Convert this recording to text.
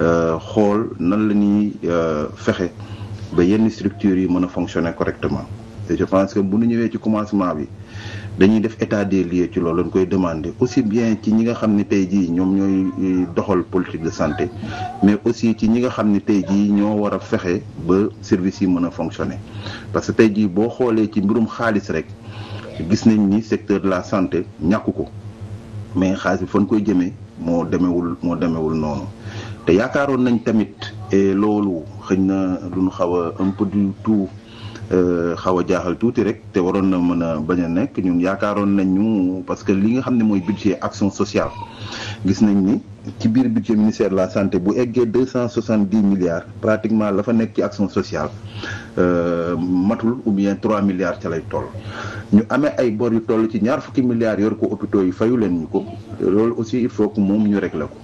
Euh, xool nan la ñuy euh, fexe ba yenn structures yi mën a fonctionner correctement et je pense que bu ñu ñëwee ci commencement bi dañuy def état de lieux ci loolu lañ koy demander aussi bien ci ñi nga xam ni tey jii ñoom ñooy euh, doxal politique de santé mais aussi ci ñi nga xam ni tey jii ñoo war a fexe ba service yi mën a fonctionner parce que tey jii boo xoolee ci mbirum xaalis rek gis nañ ni secteur de la santé ñàkku ko mais xaalis bi fan koy jëmee moo demewul moo demewul noonu te yaakaaroon nañ tamit eh, loolu xëñ na lu ñu xaw a un peu du tout eh, xaw a jaaxal tuuti rek te waroon na mën a bañ a nekk ñun yaakaaroon nañ ñu parce que li nga xam ne mooy budget action sociale gis nañ ni ci biir budget ministère de la santé bu eggee deux cent soixante dix milliards pratiquement la fa nekk ci action sociale eh, matul ou bien trois milliards ca lay toll. ñu amee ay bor yu toll ci ñaar fukki milliards yor ko hôpitaux yi fayu leen ñu ko loolu aussi il faut que moom ñu réglé ko.